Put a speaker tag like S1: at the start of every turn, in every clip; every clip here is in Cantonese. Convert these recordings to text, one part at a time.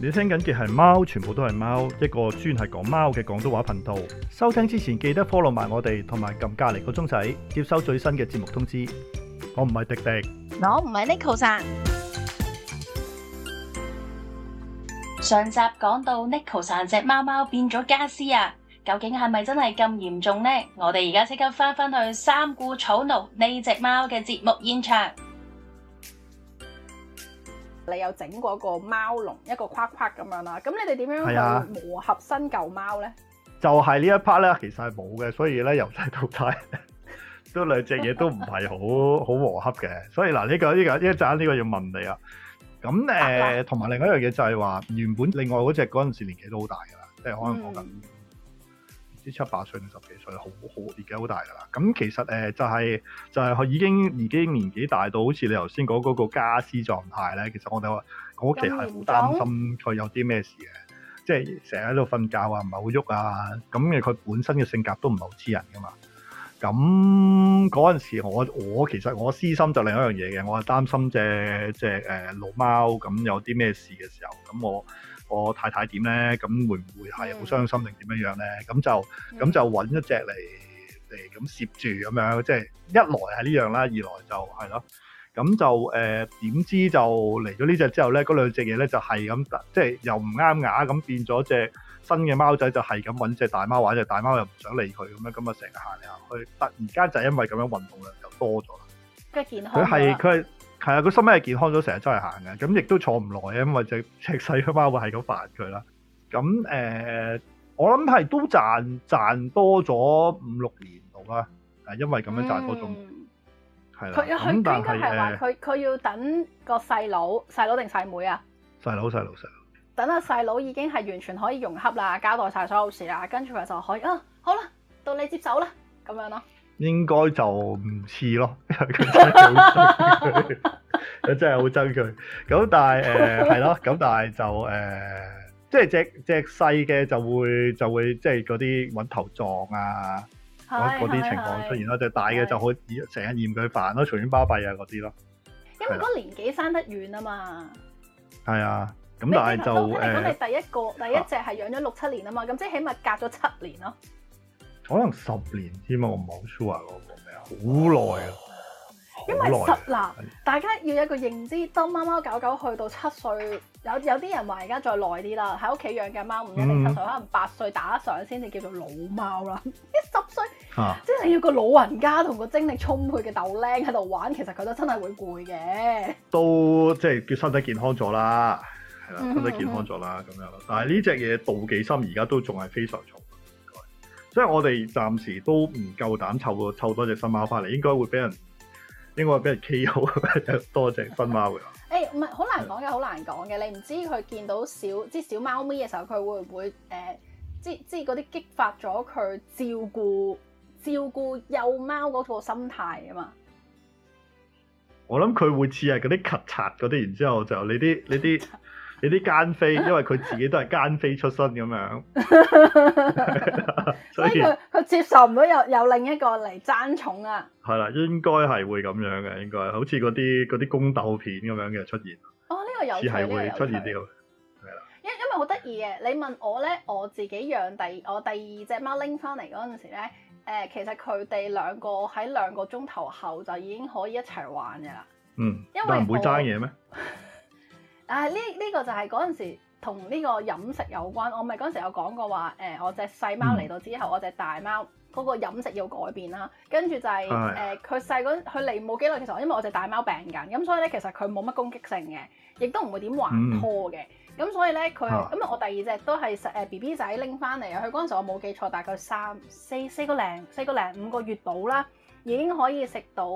S1: 你聽緊嘅係貓，全部都係貓，一個專係講貓嘅廣東話頻道。收聽之前記得 follow 埋我哋，同埋撳隔籬個鐘仔，接收最新嘅節目通知。我唔係迪迪，
S2: 我唔係 NekoChing。上集講到 NekoChing 隻貓貓變咗家私啊，究竟係咪真係咁嚴重呢？我哋而家即刻翻翻去《三顧草廬》呢隻貓嘅節目現場。你有整過個貓籠，一個框框咁樣啦，咁你哋點樣去磨合新舊貓咧？
S1: 就係、是、呢一 part 咧，其實係冇嘅，所以咧由細到大，都兩隻嘢都唔係好好磨合嘅。所以嗱，呢、這個呢、這個呢一隻呢個要問你啊。咁誒，同、呃、埋、嗯、另外一樣嘢就係話，原本另外嗰隻嗰陣時年紀都好大噶啦，即係可能講緊、嗯。啲七八歲五十幾歲，好好而家好大啦。咁其實誒就係、是、就係、是、佢已經已經年紀大到好似你頭先講嗰個家私、那個、狀態咧。其實我哋我其實係好擔心佢有啲咩事嘅，即係成日喺度瞓覺啊，唔係好喐啊。咁嘅佢本身嘅性格都唔係好黐人噶嘛。咁嗰陣時我我其實我私心就另一樣嘢嘅，我係擔心隻隻誒老、呃、貓咁有啲咩事嘅時候，咁我。我太太點咧？咁會唔會係好傷心定點樣樣咧？咁就咁就揾一隻嚟嚟咁攝住咁樣，即係一來係呢樣啦，二來就係咯。咁就誒點知就嚟咗呢隻之後咧，嗰兩隻嘢咧就係咁，即係又唔啱牙咁變咗隻新嘅貓仔，就係咁揾隻大貓玩，隻大貓又唔想理佢咁樣，咁啊成日行嚟行去，突然間就因為咁樣運動量就多咗啦。
S2: 佢健康。佢係佢
S1: 係。係啊，佢心咩健康咗，成日出嚟行嘅，咁亦都坐唔耐啊，因為只隻細嘅貓會係咁煩佢啦。咁誒、呃，我諗係都賺賺多咗五六年度啦，誒，因為咁樣賺到仲係啦。咁但係佢
S2: 佢要等個細佬，細佬定細妹啊？
S1: 細佬，細佬，細佬。
S2: 等阿細佬已經係完全可以融洽啦，交代晒所有事啦，跟住佢就可以啊，好啦，到你接手啦，咁樣咯。
S1: 應該就唔似咯，佢真係好憎佢，咁但係誒，係咯，咁但係就誒，即係隻隻細嘅就會就會即係嗰啲揾頭撞啊，
S2: 嗰啲 情況出現
S1: 咯。隻是大嘅就好，成日嫌佢煩咯，隨便包庇啊嗰啲咯。因為嗰
S2: 年紀生得遠啊嘛。
S1: 係啊，咁但係就誒，咁、呃、你第
S2: 一個第一隻係養咗六七年啊嘛，咁即係起碼隔咗七年咯。
S1: 可能十年添啊，我唔好 sure 我講咩啊，好耐
S2: 啊，因為實嗱，哎、呀大家要一個認知，當貓貓狗狗去到七歲，有有啲人話而家再耐啲啦，喺屋企養嘅貓唔一定七歲，嗯嗯可能八歲打上先至叫做老貓啦， 十歲啊、一十歲，即係你要個老人家同個精力充沛嘅豆僆喺度玩，其實佢都真係會攰嘅，
S1: 都即係叫身體健康咗啦，係啦，嗯嗯嗯，身體健康咗啦咁樣啦，但係呢隻嘢妒忌心而家都仲係非常重。即係我哋暫時都唔夠膽湊個湊多隻新貓翻嚟，應該會俾人，應該會俾人 KO 多隻新貓嘅。
S2: 誒、 欸，唔係，好難講嘅，好對 難講嘅。你唔知佢見到小，即係小貓咪嘅時候，佢會唔會誒，即係即係嗰啲激發咗佢照顧照顧幼貓嗰個心態啊嘛？
S1: 我諗佢會似係嗰啲及雜嗰啲，然之後就你啲呢啲。 有啲奸妃，因為佢自己都係奸妃出身咁樣， 所以佢
S2: 佢接受唔到有有另一個嚟爭寵啊！
S1: 係啦，應該係會咁樣嘅，應該好似嗰啲嗰啲宮鬥片咁樣嘅出現。哦，呢、
S2: 呢個有似係會出現啲
S1: 咁，
S2: 係啦。因了因為好得意嘅，你問我咧，我自己養第我第二隻貓拎翻嚟嗰陣時咧，誒，其實佢哋兩個喺兩個鐘頭後就已經可以一齊玩嘅啦。
S1: 嗯，因為唔會爭嘢咩？
S2: 啊！呢呢、這個就係嗰陣時同呢個飲食有關。我咪嗰陣時有講過話，誒、呃、我隻細貓嚟到之後，我隻大貓嗰個飲食要改變啦。跟住就係誒佢細個佢嚟冇幾耐，其實因為我隻大貓病緊，咁、嗯、所以咧其實佢冇乜攻擊性嘅，亦都唔會點還拖嘅。咁、嗯嗯、所以咧佢咁我第二隻都係誒 B B 仔拎翻嚟啊！佢嗰陣時我冇記錯，大概三四四個零四個零五個月到啦。已經可以食到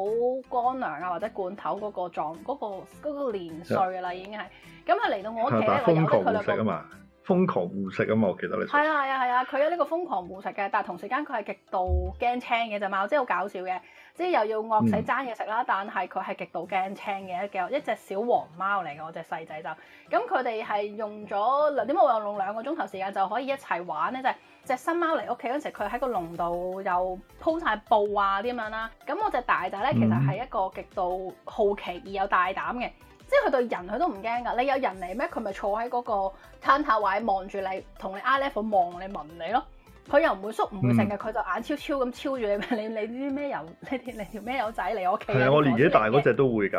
S2: 乾糧啊，或者罐頭嗰個狀嗰、嗰個嗰、嗰個年歲啦，已經係咁啊！嚟到我屋企咧，我有食啊嘛！
S1: 瘋狂護食啊嘛！我記得你
S2: 係啊係啊係啊！佢有呢個瘋狂護食嘅，但係同時間佢係極度驚青嘅隻貓，即係好搞笑嘅。即係又要惡死爭嘢食啦，但係佢係極度驚青嘅，一叫隻小黃貓嚟嘅我隻細仔就，咁佢哋係用咗兩點解我用兩個鐘頭時間就可以一齊玩呢就係、是、隻新貓嚟屋企嗰陣時，佢喺個籠度又鋪晒布啊啲咁樣啦。咁我隻大仔咧其實係一個極度好奇而又大膽嘅，即係佢對人佢都唔驚噶。你有人嚟咩？佢咪坐喺嗰個餐枱位望住你，同你 eye level 望你聞你咯。佢又唔會縮唔會成日。佢就眼超超咁超住你，你你啲咩友呢，啲嚟條咩友仔嚟我屋企嘅。係我年紀大嗰隻
S1: 都會㗎，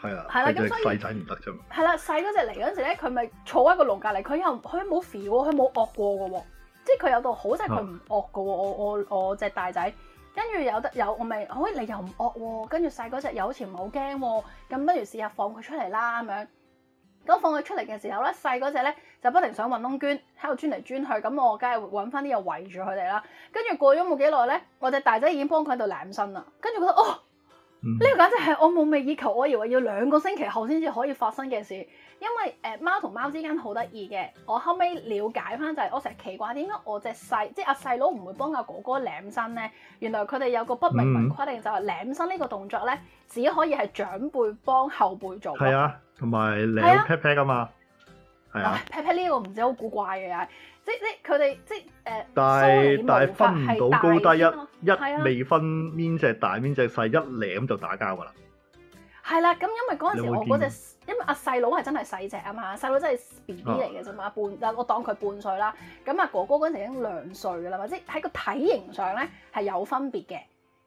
S1: 係啊。係啦，咁所以細仔唔得啫嘛。
S2: 係啦，細嗰隻嚟嗰陣時咧，佢咪坐喺個籠隔離，佢又佢冇 feel，佢冇惡過嘅喎。即係佢有度好就係佢唔惡嘅喎。我我我隻大仔，跟住有得有，我咪，哎你又唔惡喎。跟住細嗰隻有錢唔好驚喎，咁不如試下放佢出嚟啦咁樣。咁放佢出嚟嘅時候咧，細嗰隻咧，就不停想揾窿捐喺度捐嚟捐去，咁我梗係揾翻啲嘢圍住佢哋啦。跟住過咗冇幾耐咧，我隻大仔已經幫佢喺度舐身啦。跟住覺得哦、呢、嗯、個簡直係我夢寐以求，我以為要兩個星期後先至可以發生嘅事。因為誒、呃、貓同貓之間好得意嘅，我後尾了解翻就係、是、我成日奇怪點解我隻細、嗯、即係阿細佬唔會幫阿哥哥舐身咧？原來佢哋有個不明文規定，就係、是、舐身呢個動作咧只可以係長輩幫，幫後輩做。係
S1: 啊、嗯，同埋舐 pet pet 啊嘛。係啊
S2: ，pat pat 呢、呃、個唔知好古怪嘅嘢，即係呢佢哋即係、
S1: 呃、但梳理毛髮係大隻咯，係一啊，一未分邊隻大邊隻細，一舐就打交噶啦。
S2: 係啦，咁因為嗰陣時我嗰隻，因為阿細佬係真係細隻啊嘛，細佬真係 B B 嚟嘅啫嘛，啊、半，我當佢半歲啦。咁啊哥哥嗰陣時已經兩歲噶啦，即係喺個體型上咧係有分別嘅。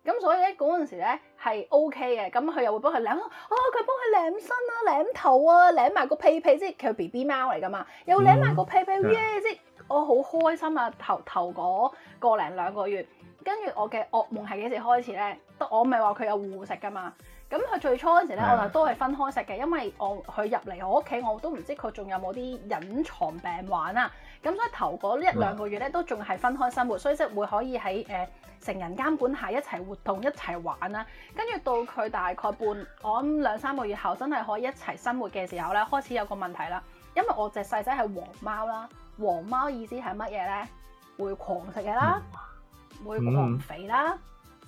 S2: 咁所以咧，嗰陣時咧係 O K 嘅，咁佢又會幫佢舐，啊佢幫佢舐身啊、舐頭啊、舐埋個屁屁，即係佢 B B 貓嚟噶嘛，又舐埋個屁屁耶！嗯、yeah, 即係我好開心啊，頭頭嗰個零兩個月。跟住我嘅噩夢係幾時開始咧？我咪話佢有護食噶嘛，咁佢最初嗰陣時咧，嗯、我就都係分開食嘅，因為我佢入嚟我屋企，我都唔知佢仲有冇啲隱藏病患啊。咁所以頭嗰一兩個月咧都仲係分開生活，所以即係會可以喺誒、呃、成人監管下一齊活動、一齊玩啦。跟住到佢大概半，我諗兩三個月後真係可以一齊生活嘅時候咧，開始有個問題啦。因為我隻細仔係黃貓啦，黃貓意思係乜嘢咧？會狂食嘅啦，會狂肥啦，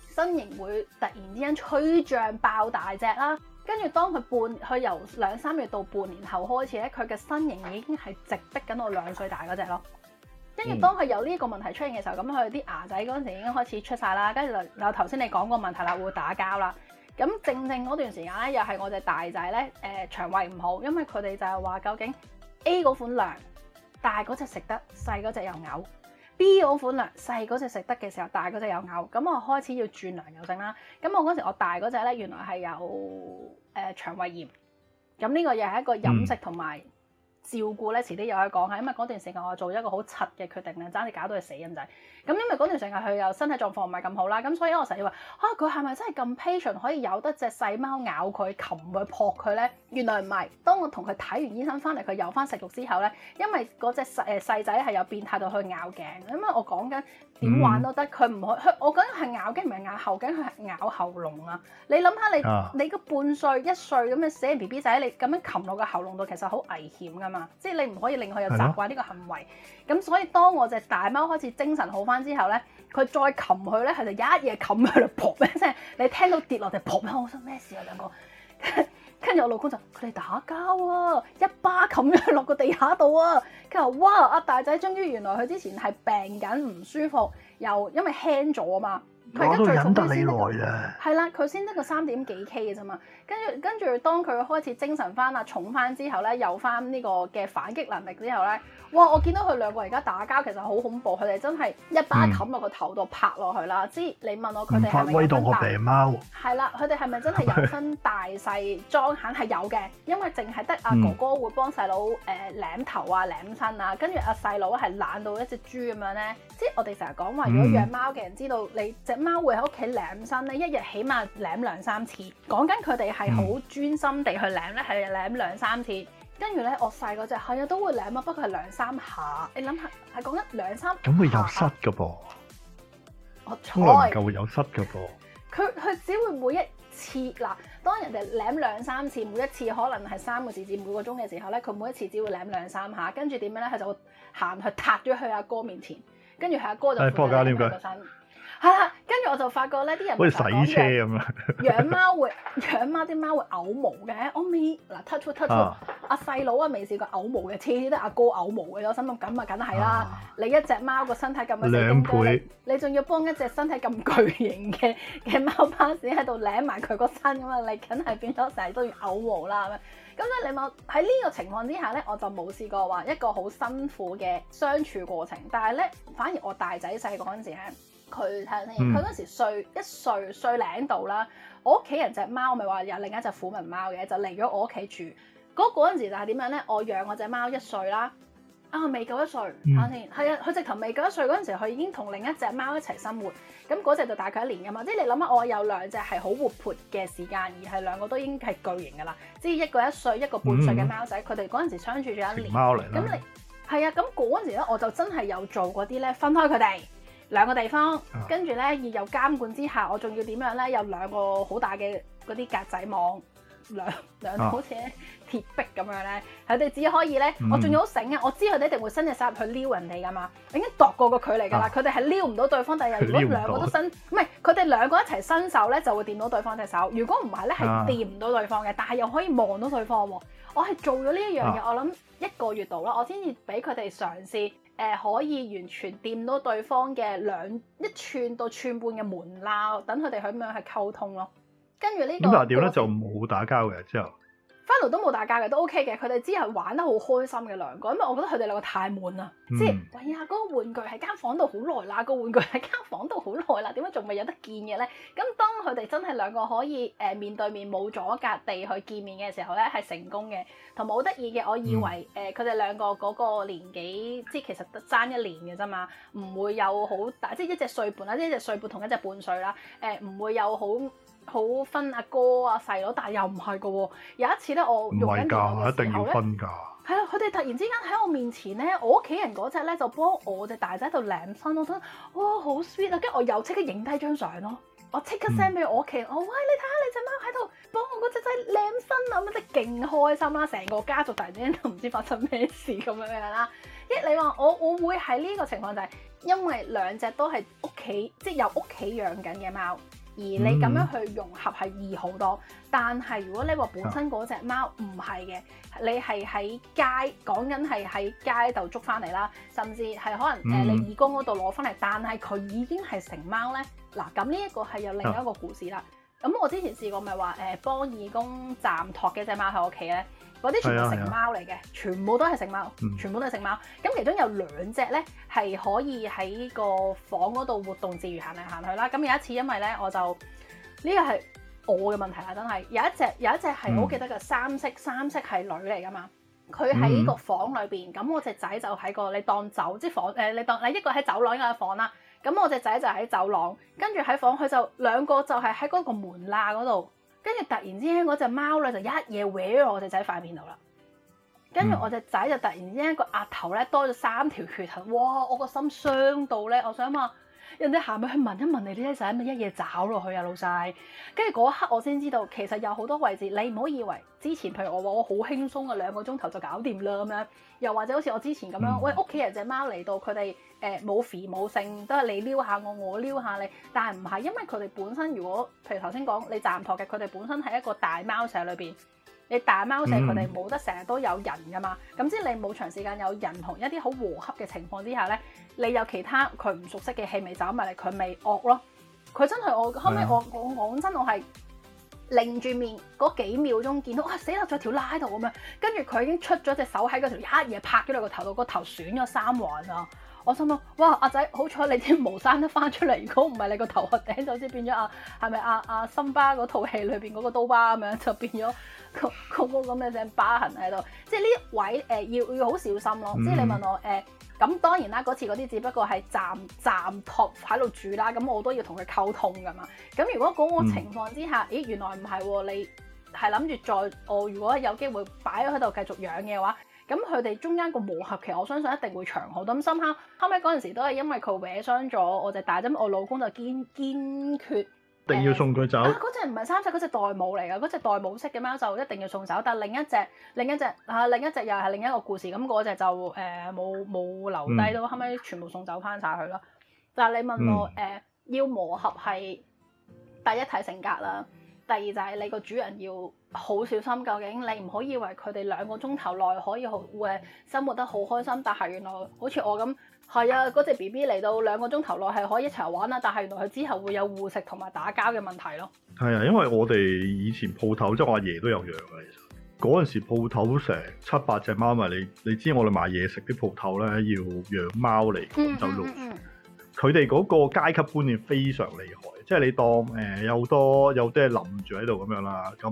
S2: 身形會突然之間吹脹爆大隻啦。跟住當佢半佢由兩三月到半年後開始咧，佢嘅身形已經係直逼緊我兩歲大嗰隻咯。跟住當佢有呢個問題出現嘅時候，咁佢啲牙仔嗰陣時已經開始出晒啦。跟住就就頭先你講個問題啦，會打交啦。咁正正嗰段時間咧，又係我隻大仔咧，誒、呃、腸胃唔好，因為佢哋就係話究竟 A 嗰款糧，大嗰隻食得，細嗰隻又嘔。B 嗰款啦，細嗰隻食得嘅時候，大嗰隻有嘔，咁我開始要轉糧又性啦。咁我嗰時我大嗰隻咧，原來係有誒、呃、腸胃炎，咁呢個又係一個飲食同埋。照顧咧，遲啲有嘢講下，因為嗰段時間我做一個好柒嘅決定咧，真係搞到佢死咁滯。咁因為嗰段時間佢又身體狀況唔係咁好啦，咁所以我成日話，啊，佢係咪真係咁 patient 可以有得隻細貓咬佢、擒去撲佢咧？原來唔係。當我同佢睇完醫生翻嚟，佢又翻食肉之後咧，因為嗰隻細誒細仔係有變態到去咬頸，因為我講緊。點玩都得，佢唔可佢，我覺得係咬頸，唔係咬喉梗，佢係咬喉嚨啊！你諗下你，啊、你你個半歲一歲咁樣死 B B 仔，你咁樣擒落個喉嚨度，其實好危險噶嘛！即係你唔可以令佢有習慣呢個行為。咁是的 所以當我隻大貓開始精神好翻之後咧，佢再擒佢咧，佢就一嘢冚喺度，噗一聲，你聽到跌落嚟，噗一聲，我心咩事啊？兩個。 跟住我老公就佢哋打交啊，一巴冚咗佢落個地下度啊！佢話哇，阿大仔終於原來佢之前係病緊唔舒服，又因為輕咗嘛。佢而家都忍得你
S1: 耐啊，係
S2: 啦，佢先得個三點幾 K 嘅啫嘛。跟住跟住，當佢開始精神翻啦、重翻之後咧，有翻呢個嘅反擊能力之後咧，哇！我見到佢兩個人而家打交，其實好恐怖。佢哋真係一巴冚落個頭度拍落去啦。知你問我佢哋係咪打威當個病貓？係啦，佢哋係咪真係分大細裝？ 肯定係有嘅，因為淨係得阿哥哥會幫細佬誒舐頭啊、舐身啊。跟住阿細佬係懶到一隻豬咁樣咧。即係我哋成日講話，如果養貓嘅人知道你隻。 貓會喺屋企舐身咧，一日起碼舐兩三次。講緊佢哋係好專心地去舐咧，係舐兩三次。跟住咧，惡晒嗰隻係啊，都會舐啊，不過係兩三下。你諗下，係講緊兩三下，
S1: 咁會有失噶噃？我
S2: 沖涼唔夠會
S1: 有失噶噃？
S2: 佢佢只會每一次嗱，當人哋舐兩三次，每一次可能係三個字至每個鐘嘅時候咧，佢每一次只會舐兩三下。跟住點樣咧？佢就行去踏咗去阿哥面前，跟住佢阿哥就破解呢個身。係啦，跟住、嗯、我就發覺咧，啲人成日講啲養貓會養貓啲貓會嘔毛嘅。我未嗱 touch to u c h 阿細佬，啊，未試、啊啊、過嘔毛嘅，天天都阿哥嘔毛嘅咯。心諗咁啊，梗係啦，你一隻貓個身體咁細咁多，你仲要幫一隻身體咁巨型嘅嘅貓巴士喺度舐埋佢個身咁啊，你梗係變咗成日都要嘔毛啦咁樣。咁咧，你問喺呢個情況之下咧，我就冇試過話一個好辛苦嘅相處過程，但係咧，反而我大仔細個嗰陣時佢睇下先，佢嗰陣時歲一歲，歲零度啦。我屋企人隻貓，咪話有另一隻虎紋貓嘅，就嚟咗我屋企住。嗰嗰陣時就係點樣咧？我養我隻貓一歲啦，啊未夠一歲，睇先、嗯。係啊，佢直頭未夠一歲嗰陣時，佢已經同另一隻貓一齊生活。咁嗰隻就大概一年嘅嘛。即係你諗下，我有兩隻係好活潑嘅時間，而係兩個都已經係巨型嘅啦。即係一個一歲，一個半歲嘅貓仔，佢哋嗰陣時相處咗一年。貓嚟。咁你係啊？咁嗰陣時咧，我就真係有做嗰啲咧，分開佢哋。兩個地方，跟住咧而又監管之下，我仲要點樣咧？有兩個好大嘅嗰啲格仔網，兩兩好似、啊、鐵壁咁樣咧，佢哋只可以咧。嗯、我仲要好醒啊！我知佢哋一定會伸隻手入去撩人哋噶嘛，已經度過個距離噶啦。佢哋係撩唔到對方，第日如果兩個都伸，唔係佢哋兩個一齊伸手咧，就會掂到對方隻手。如果唔係咧，係掂唔到對方嘅，啊、但係又可以望到對方喎。我係做咗呢一樣嘢，啊、我諗一個月度咯，我先至俾佢哋嘗試，誒、呃、可以完全掂到對方嘅兩一寸到寸半嘅門罅，等佢哋咁樣去溝通咯。跟住、呢個嗯、呢個咁就點咧？就
S1: 冇打交嘅之後。
S2: 翻嚟都冇打架嘅，都 OK 嘅。佢哋之後玩得好開心嘅兩個，因為我覺得佢哋兩個太悶啦。即係、嗯，喂、哎、呀，嗰、嗰個玩具喺間房度好耐啦，嗰個玩具喺間房度好耐啦，點解仲未有得見嘅咧？咁當佢哋真係兩個可以誒、呃、面對面冇阻隔地去見面嘅時候咧，係成功嘅，同埋好得意嘅。我以為誒佢哋兩個嗰個年紀，即係其實爭一年嘅啫嘛，唔會有好大，即係一隻歲半啦，即係一隻歲半同一隻半歲啦，誒、呃、唔會有好。好分阿、啊、哥啊、細佬，但係又唔係嘅喎。有一次咧，我唔係㗎，一定要分㗎。係啊，佢哋突然之間喺我面前咧，我屋企人嗰隻咧就幫我隻大仔喺度舐身，我覺得哇、哦、好 sweet 啊！跟住我又即刻影低張相咯，我即刻 send 俾我屋企人。我、嗯 oh, 喂你睇下，你隻貓喺度幫我嗰隻仔舐身啊，咁即係勁開心啦！成個家族突然之間都唔知發生咩事咁樣樣啦。一你話我，我會喺呢個情況就係因為兩隻都係屋企，即係有屋企養緊嘅貓。而你咁樣去融合係易好多，但係如果你話本身嗰隻貓唔係嘅，你係喺街講緊係喺街度捉翻嚟啦，甚至係可能誒你義工嗰度攞翻嚟，但係佢已經係成貓咧，嗱咁呢一個係有另一個故事啦。咁我之前試過咪話誒幫義工暫托嘅一隻貓喺屋企咧，嗰啲全部成貓嚟嘅，全部都係成貓，全部都係成貓。咁、嗯、其中有兩隻咧，係可以喺個房嗰度活動自如行嚟行去啦。咁有一次因為咧，我就呢、呢個係我嘅問題啦，真係有一隻有一隻係我記得嘅三色，三色係女嚟㗎嘛。
S1: 佢喺個
S2: 房裏邊，咁我隻仔就喺個你當走即房誒、呃，你當你一個喺走廊，一個喺房啦。咁我隻仔就喺走廊，跟住喺房，佢就兩個就係喺嗰個門罅嗰度。跟住突然之間嗰隻貓咧就一嘢搲咗我隻仔塊面度啦，跟住我隻仔就突然之間個額頭咧多咗三條血痕，哇！我個心傷到咧，我想話、啊。人哋行咪去聞一聞你呢嘢，就咪一嘢找落去啊，老細！跟住嗰刻我先知道，其實有好多位置，你唔好以為之前譬如我話我好輕鬆啊，兩個鐘頭就搞掂啦咁樣。又或者好似我之前咁樣，嗯、喂屋企人隻貓嚟到，佢哋誒冇肥冇性，都係你撩下我，我撩下你。但係唔係因為佢哋本身，如果譬如頭先講你暫託嘅，佢哋本身係一個大貓舍裏邊。你大貓舍佢哋冇得成日都有人噶嘛，咁即係你冇長時間有人同一啲好和洽嘅情況之下咧，你有其他佢唔熟悉嘅氣味就走埋嚟，佢咪惡咯？佢真係，我後尾我的我講真我係擰住面嗰幾秒鐘見到啊死啦咗條拉度咁樣，跟住佢已經出咗隻手喺嗰條一嘢拍咗你個頭度，那個頭損咗三環啊！我心諗，哇！阿仔，好彩你啲毛生得翻出嚟。如果唔係你個頭殼頂，就好似變咗啊，係咪啊？阿、啊、森巴嗰套戲裏邊嗰個刀疤咁樣，就變咗嗰嗰個咁嘅嘅疤痕喺度。即係呢位誒、呃，要要好小心咯。嗯、即係你問我誒，咁、呃、當然啦。嗰次嗰啲只不過係暫暫託喺度住啦。咁我都要同佢溝通噶嘛。咁如果嗰個情況之下，嗯、咦，原來唔係喎，你係諗住再哦。如果有機會擺喺度繼續養嘅話。咁佢哋中間個磨合期，我相信一定會長好多。咁深刻後尾嗰陣時都係因為佢歪傷咗，我就大咗。我老公就堅堅決，
S1: 呃、一定要送佢走。嗰
S2: 隻唔係三隻，嗰隻代母嚟㗎。嗰隻代母式嘅貓就一定要送走，但係另一隻、另一隻嚇、啊、另一隻又係另一個故事。咁嗰隻就誒冇冇留低到，後尾、嗯、全部送走翻晒佢咯。但係你問我誒、嗯呃，要磨合係第一睇性格啦。第二就係你個主人要好小心，究竟你唔可以，以為佢哋兩個鐘頭內可以好誒生活得好開心，但係原來好似我咁係啊，嗰、那、隻、個、B B 嚟到兩個鐘頭內係可以一齊玩啦，但係原來佢之後會有護食同埋打交嘅問題咯。
S1: 係啊，因為我哋以前鋪頭即係我阿爺，爺都有養嘅，其實嗰陣時鋪頭成七八隻貓咪，你你知我哋買嘢食啲鋪頭咧要養貓嚟走路，佢哋嗰個階級觀念非常厲害。即係你當誒、呃、有好多有啲係淋住喺度咁樣啦，咁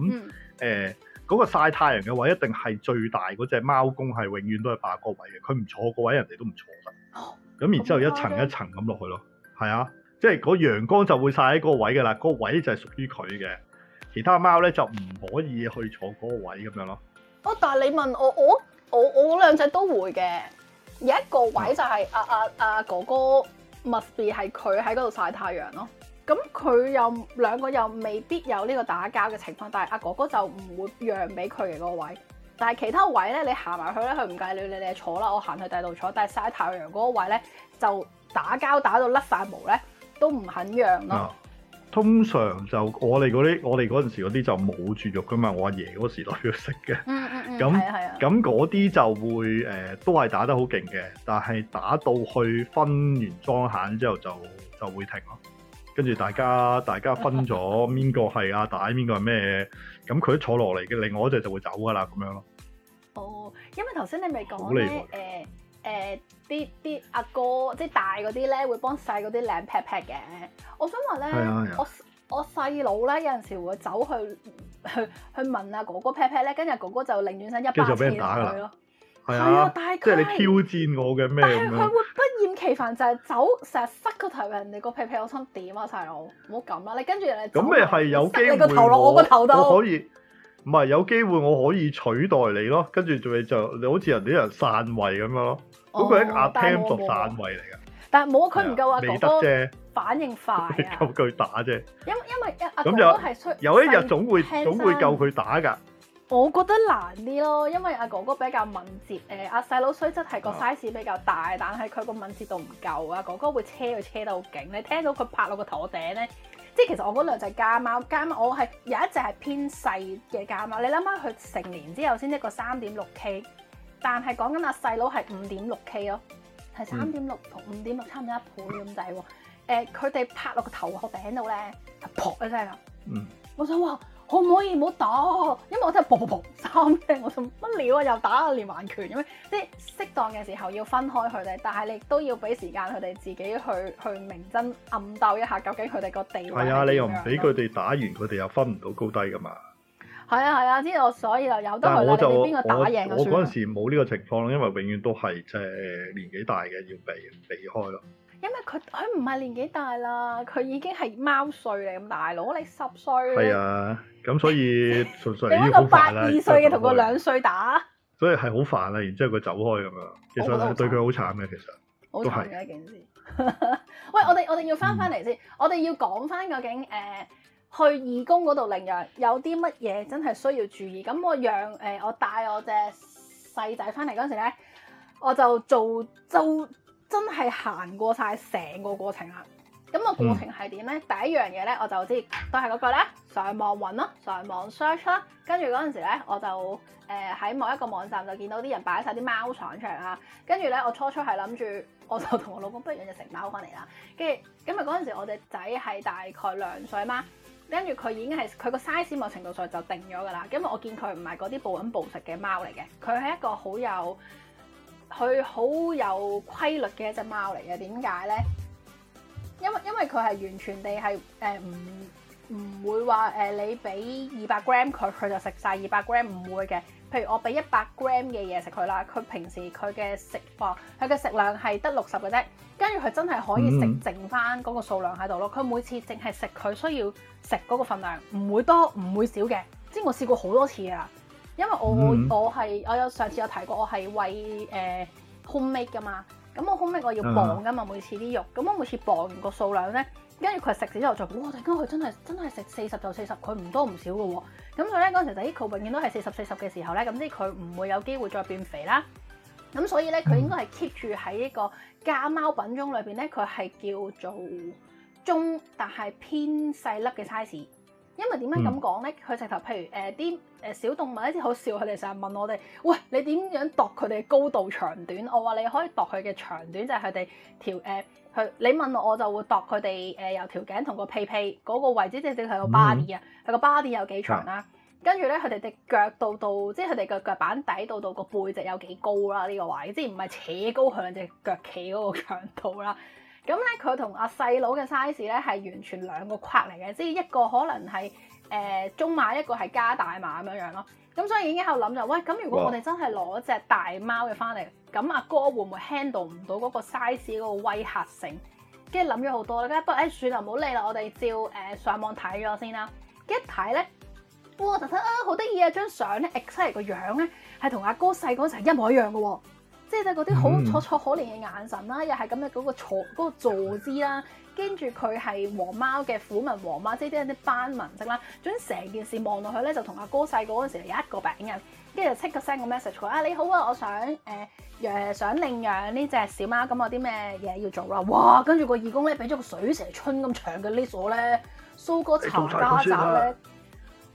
S1: 誒嗰個曬太陽嘅位一定係最大嗰隻貓公係永遠都係霸個位嘅，佢唔坐個位人坐，人哋都唔坐得。咁然之後一層一層咁落去咯，係、哦、啊，即係嗰陽光就會曬喺嗰個位噶啦，嗰、那個位就係屬於佢嘅，其他貓咧就唔可以去坐嗰個位咁樣咯。
S2: 哦，但係你問我，我我我嗰兩隻都會嘅，有一個位就係阿阿阿哥哥 Must Be 係佢喺嗰度曬太陽咯。咁佢又兩個又未必有呢個打交嘅情況，但係阿哥哥就唔會讓俾佢嘅嗰個位。但係其他位咧，你行埋去咧，佢唔介你，你哋坐啦。我行去第二度坐。但係曬太陽嗰個位咧，就打交打到甩曬毛咧，都唔肯讓咯、嗯。
S1: 通常就我哋嗰啲，我哋嗰陣時嗰啲就冇住肉㗎嘛。我阿爺嗰時代要食嘅、嗯。嗯嗯 那嗯。咁咁嗰啲就會誒、呃，都係打得好勁嘅，但係打到去分完裝閂之後就，就就會停咯。跟住大家大家分咗，邊個係阿大，邊個係咩？咁佢一坐落嚟嘅，另外一隻就會走噶啦，咁樣咯。
S2: 哦，因為頭先你咪講咧，誒誒啲啲阿哥即係大嗰啲咧，會幫細嗰啲攬 pat pat 嘅。我想話咧、啊啊，我我細佬咧有陣時會走去去去問阿哥哥 pat pat 咧，跟住哥哥就轉身一巴鐵落去咯。係啊，概即係你挑
S1: 戰我嘅咩？佢會
S2: 不厭其煩就係、是、走，成日塞個頭俾人哋個屁屁、啊，我想點啊細佬，唔好咁啦，你跟住人哋。咁
S1: 咪係有機會？你個頭落我個頭度，可以唔係有機會我可以取代你咯？跟住仲要就你好似人啲人散位咁樣咯，嗰個、哦、阿阿 Tem 做散位嚟噶。
S2: 但係冇，佢唔夠阿哥哥，反應快、
S1: 啊，夠佢 打啫。
S2: 因因為咁就有一日總會聲總會夠佢打噶。我覺得難啲咯，因為阿哥哥比較敏捷，誒阿細佬雖則係個 size 比較大，但係佢個敏捷度唔夠啊。哥哥會車佢車到好勁，你聽到佢拍落個頭頂咧，即係其實我嗰兩隻家貓，家貓我係有一隻係偏細嘅家貓，你諗下佢成年之後先一個三點六 K，但係講緊阿細佬係五點六 K 咯，係三點六同五點六差唔多一倍咁滯喎。佢哋拍落個頭殼頂度咧，就撲一聲啦。嗯，我想話。可唔可以唔好打、啊？因為我真係搏搏三聲，我仲乜料啊？又打連環拳咁樣，即係適當嘅時候要分開佢哋，但係你都要俾時間佢哋自己去去明爭暗鬥一下，究竟佢哋個地位係啊！你又唔俾佢哋
S1: 打完，佢哋又分唔到高低噶嘛？
S2: 係啊係啊，即係、啊、所以就有得咪話俾邊個打贏我？我嗰
S1: 時冇呢個情況，因為永遠都係即係年紀大嘅要避避開咯。
S2: 因為佢佢唔係年紀大啦，佢已經係貓歲嚟咁大，佬，你十歲？係啊，
S1: 咁、嗯、所以純粹係 你一個八二歲嘅同佢兩歲打，所以係好煩啦。然之後佢走開咁樣，其實對佢好慘嘅。其實好慘嘅一
S2: 是件事。 喂，我哋我哋要翻翻嚟先，嗯、我哋要講翻究竟誒、呃、去義工嗰度領養有啲乜嘢真係需要注意？咁我養誒我帶我隻細仔翻嚟嗰陣時咧，我就做周。做做做做真係行過晒成個過程啦，咁個過程係點咧？第一樣嘢咧，我就知都係嗰句咧，上網揾啦，上網 search 啦，跟住嗰陣時咧，我就誒喺、呃、某一個網站就見到啲人擺晒啲貓上場啦，跟住咧我初初係諗住，我就同我老公不如養隻成貓翻嚟啦，跟住，因為嗰陣時我隻仔係大概兩歲嘛，跟住佢已經係佢個 size 某程度上就定咗噶啦，因為我見佢唔係嗰啲暴飲暴食嘅貓嚟嘅，佢係一個好有。佢好有規律嘅一隻貓嚟嘅，點解咧？因為因為佢係完全地係誒唔唔會話誒、呃、你俾二百 gram 佢，佢就食晒二百 gram 唔會嘅。譬如我俾一百 gram 嘅嘢食佢啦，佢平時佢嘅食、哦、食量，佢嘅食量係得六十嘅啫。跟住佢真係可以食剩翻嗰個數量喺度咯。佢每次淨係食佢需要食嗰個份量，唔會多，唔會少嘅。即係我試過好多次啊！因為我、嗯、我係我有上次有提過我，我係餵誒 home make 噶嘛，咁我 home make 我要磅噶嘛，嗯、每次啲肉，咁我每次磅完個數量咧，跟住佢食死之後就，哇！突然間佢真係真係食四十就四十，哦，佢唔多唔少噶喎。咁所以咧嗰陣時 equal 永遠都係四十四十嘅時候咧，咁即係佢唔會有機會再變肥啦。咁所以咧，佢、嗯、應該係 keep 住喺呢個家貓品種裏邊咧，佢係叫做中但係偏細粒嘅 size。因為點解咁講咧？佢直頭，譬如誒啲誒小動物一啲好笑。佢哋成日問我哋，喂，你點樣度佢哋高度長短？我話你可以度佢嘅長短，就係佢哋條誒佢。你問我，我就會度佢哋誒由條頸同個屁屁嗰、嗰個位置，正正係個 body, body 啊，係個 body 有幾長啦。跟住咧，佢哋隻腳度度，即係佢哋腳腳板底度度個背脊有幾高啦、啊？呢、呢個位，即係唔係扯高佢兩隻腳企嗰個長度啦、啊。咁咧，佢同阿細佬嘅 size 咧係完全兩個框嚟嘅，即係一個可能係誒、呃、中碼，一個係加大碼咁樣樣咯。咁所以已經喺度諗就，喂，咁如果我哋真係攞隻大貓嘅返嚟，咁阿哥、哥會唔會 handle 唔到嗰個 size 嗰個威嚇性？跟住諗咗好多啦，咁不過誒，算啦，唔好理啦，我哋照誒、呃、上網睇咗先啦。一睇咧，哇！突然啊，好得意啊，張相咧，ex 出嚟個樣咧，係同阿哥細嗰陣一模一樣嘅喎。即係嗰啲好楚楚可憐嘅眼神啦，嗯、又係咁嘅嗰個坐嗰、嗰個、坐姿啦，跟住佢係黃貓嘅虎紋黃貓，即係啲斑紋色啦。總之成件事望落去咧，就同阿哥細個嗰陣時有一個餅印。跟住就即刻 send 個 message 佢啊，你好啊，我想誒誒、呃、想領養呢隻小貓，咁有啲咩嘢要做啦？哇！跟住個義工咧俾咗個水蛇春咁長嘅 list 咧，蘇哥查家宅咧，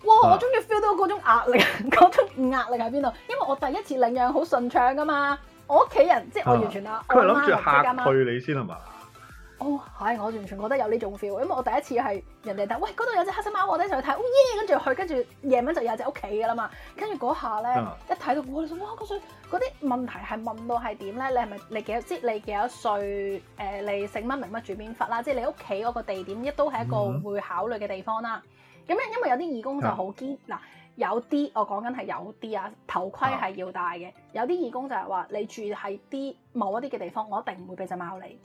S2: 哇！我終於 feel 到嗰種壓力，嗰、啊、 種壓力喺邊度？因為我第一次領養好順暢噶嘛。我屋企人即係我完全啦、啊，我佢係諗住下佢你先係嘛？哦，係、哎，我完全覺得有呢種 feel，因為我第一次係人哋睇，喂，嗰度有隻黑色貓，我哋一齊去睇，哦耶，跟住去，跟住夜晚就有隻屋企嘅啦嘛。跟住嗰下咧，一睇到我哇，嗰、那個、歲嗰啲、那個那個、問題係問到係點咧？你係咪你幾多？即係你幾多歲？誒、呃，你姓乜名乜住邊忽啦？即係你屋企嗰個地點，一都係一個會考慮嘅地方啦。咁樣、嗯、哼因為有啲義工就好堅嗱。嗯有啲我講緊係有啲啊，頭盔係要戴嘅。有啲義工就係話你住喺啲某一啲嘅地方，我一定唔會俾隻貓你。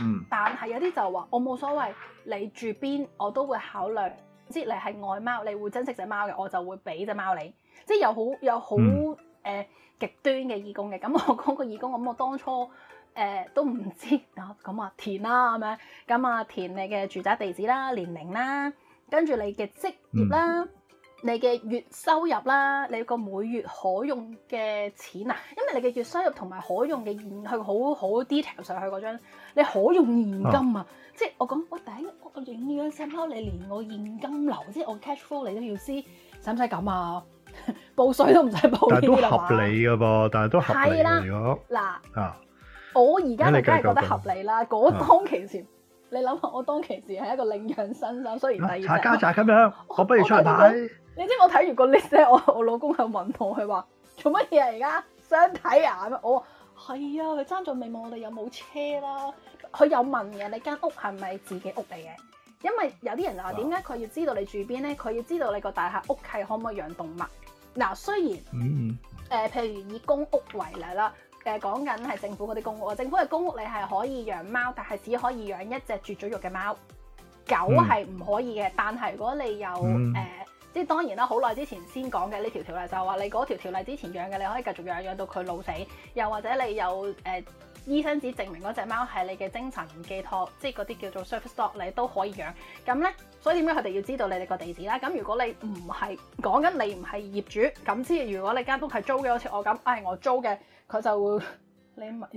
S1: 嗯、
S2: 但係有啲就話我冇所謂，你住邊我都會考慮。即係你係愛貓，你會珍惜隻貓嘅，我就會俾隻貓你。即係有好有好誒、嗯呃、極端嘅義工嘅。咁我講個義工，咁我當初誒、呃、都唔知啊，咁、嗯、啊填啦咁樣，咁啊填你嘅住宅地址啦、年齡啦，跟住你嘅職業啦。嗯你嘅月收入啦，你個每月可用嘅錢啊，因為你嘅月收入同埋可用嘅現去好好 detail 上去嗰張，你可用現金啊，啊即係我講我頂我領養生貓，你連我現金流即係我 cash flow 你都要知，使唔使咁啊？報稅都唔使報呢啲咯，都合理
S1: 噶噃但係都合理。係啦，嗱、啊，
S2: 我而家真係覺得合理啦。我當其時，你諗下，我當其時係一個領養新手，所以第二查家宅
S1: 咁樣，我不如出嚟。我。啊
S2: 你知我睇完個 list 咧，我我老公又問我，佢話做乜嘢啊？而家想睇啊？我話係啊，佢爭咗未問我哋有冇車啦。佢有問嘅，你間屋係咪自己屋嚟嘅？因為有啲人就話點解佢要知道你住邊咧？佢要知道你個大廈屋係可唔可以養動物？嗱，雖然誒，譬如以公屋為例啦，誒講緊係政府嗰啲公屋，政府嘅公屋你係可以養貓，但係只可以養一隻絕咗育嘅貓，狗係唔可以嘅。但係如果你有誒。即係當然啦，好耐之前先講嘅呢條條例就話，係，你嗰條條例之前養嘅，你可以繼續養養到佢老死，又或者你有誒、呃、醫生紙證明嗰隻貓係你嘅精神寄託，即係嗰啲叫做 service dog 你都可以養。咁咧，所以點解佢哋要知道你哋個地址咧？咁如果你唔係講緊你唔係業主，咁即如果你間屋係租嘅，好似我咁，唉、哎、我租嘅，佢就會。你咪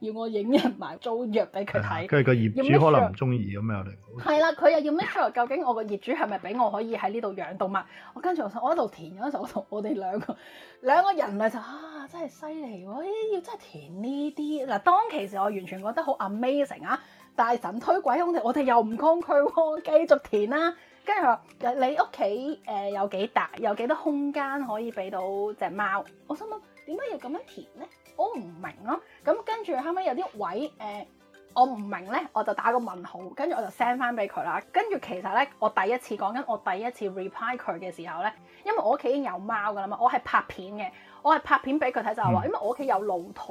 S2: 要我影人埋租約俾佢睇，佢個業主可能唔
S1: 中意咁樣嚟。係
S2: 啦，佢咩又要 make sure 究竟我個業主係咪俾我可以喺呢度養動物？我跟住我想，我喺度填嗰陣時，我同我哋兩個兩個人類就啊，真係犀利喎！要真係填呢啲嗱，當其時我完全覺得好 amazing 啊！大神推鬼空調，我哋又唔抗拒，繼續填啦、啊。跟住話你屋企誒有幾大，有幾多空間可以俾到隻貓？我想諗，點解要咁樣填咧？我唔明咯、啊，咁跟住後尾有啲位誒、呃，我唔明咧，我就打個問號，跟住我就 send 翻俾佢啦。跟住其實咧，我第一次講緊，我第一次 reply 佢嘅時候咧，因為我屋企已經有貓噶啦嘛，我係拍片嘅，我係拍片俾佢睇就係話，因為我屋企有露台，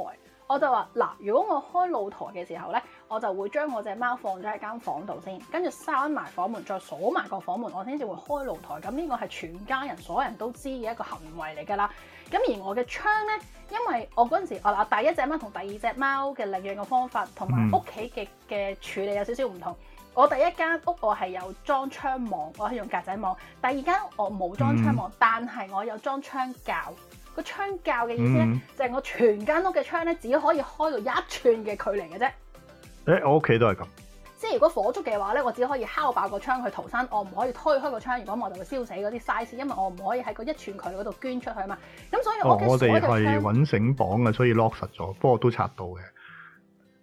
S2: 我就話嗱，如果我開露台嘅時候咧，我就會將我隻貓放咗喺間房度先，跟住閂埋房門，再鎖埋個房門，我先至會開露台。咁、嗯、呢、這個係全家人所有人都知嘅一個行為嚟噶啦。咁而我嘅窗咧，因為我嗰陣時，我嗱第一隻貓同第二隻貓嘅領養嘅方法同埋屋企嘅嘅處理有少少唔同。我第一間屋我係有裝窗網，我係用格仔網；第二間我冇裝窗網，嗯、但係我有裝窗教。個窗教嘅意思呢、嗯、就係我全間屋嘅窗咧，只可以開到一吋嘅距離嘅啫。
S1: 誒、欸，我屋企都係咁。
S2: 即係如果火燭嘅話咧，我只可以敲爆個窗去逃生，我唔可以推開個窗。如果我就會燒死嗰啲 size，因為我唔可以喺個一吋距離嗰度捐出去啊嘛。咁所以、哦、我所、哦、我哋係
S1: 揾繩綁嘅，所以 lock 實咗，不過都拆到嘅。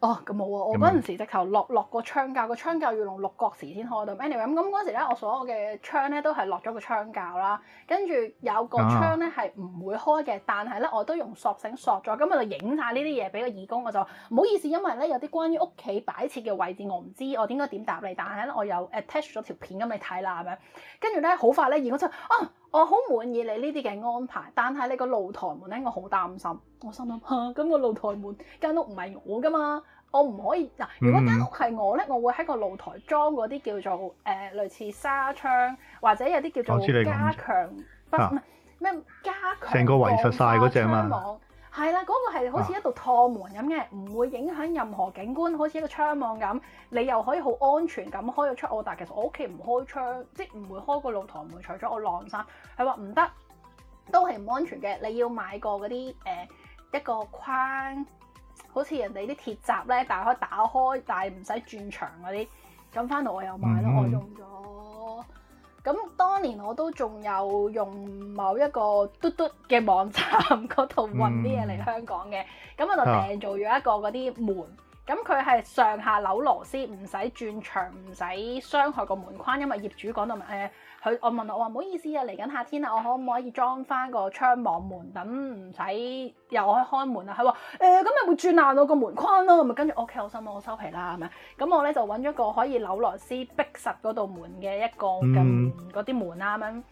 S2: 哦，咁冇啊！我嗰陣時直頭落落個窗架，個窗架要用六角匙先開到。Anyway，咁嗰陣時咧，我所有嘅窗咧都係落咗個窗架啦，跟住有個窗咧係唔會開嘅，但係咧我都用索繩索咗，咁我就影晒呢啲嘢俾個義工，我就唔好意思，因為咧有啲關於屋企擺設嘅位置我唔知，我應該點答你，但係咧我有 attach 咗條片咁你睇啦咁樣，跟住咧好快咧義工就哦。啊我好滿意你呢啲嘅安排，但係你個露台門咧，我好擔心。我心諗吓，咁個露台門間屋唔係我噶嘛，我唔可以嗱、啊。如果間屋係我咧，我會喺個露台裝嗰啲叫做誒、呃、類似紗窗，或者有啲叫做加強唔咩是咩、啊、加強。成個圍實晒嗰隻嘛。係啦，嗰個係好似一度趟門咁嘅，唔會影響任何景觀，好似一個窗網咁，你又可以好安全咁開咗出澳大。其實我屋企唔開窗，即係唔會開個露台門，除咗我晾衫。係話唔得，都係唔安全嘅。你要買個嗰啲誒一個框，好似人哋啲鐵閘咧，但係可以打開，但係唔使轉牆嗰啲。咁翻嚟我又買啦，我用咗。咁當年我都仲有用某一個嘟嘟嘅網站嗰度運啲嘢嚟香港嘅，咁、嗯、我就訂做咗一個嗰啲門，咁佢係上下扭螺絲，唔使轉牆，唔使傷害個門框，因為業主講到誒。呃佢我問我話唔好意思啊，嚟緊夏天啊，我可唔可以裝翻個窗網門，等唔使又去開門啊？佢話誒咁，咪、欸、會轉爛我、啊、個門框咯啊。咁咪跟住 O K，好心我收皮啦，咁樣。咁我咧就揾咗個可以扭螺絲逼實嗰度門嘅一個咁嗰啲門啊，咁樣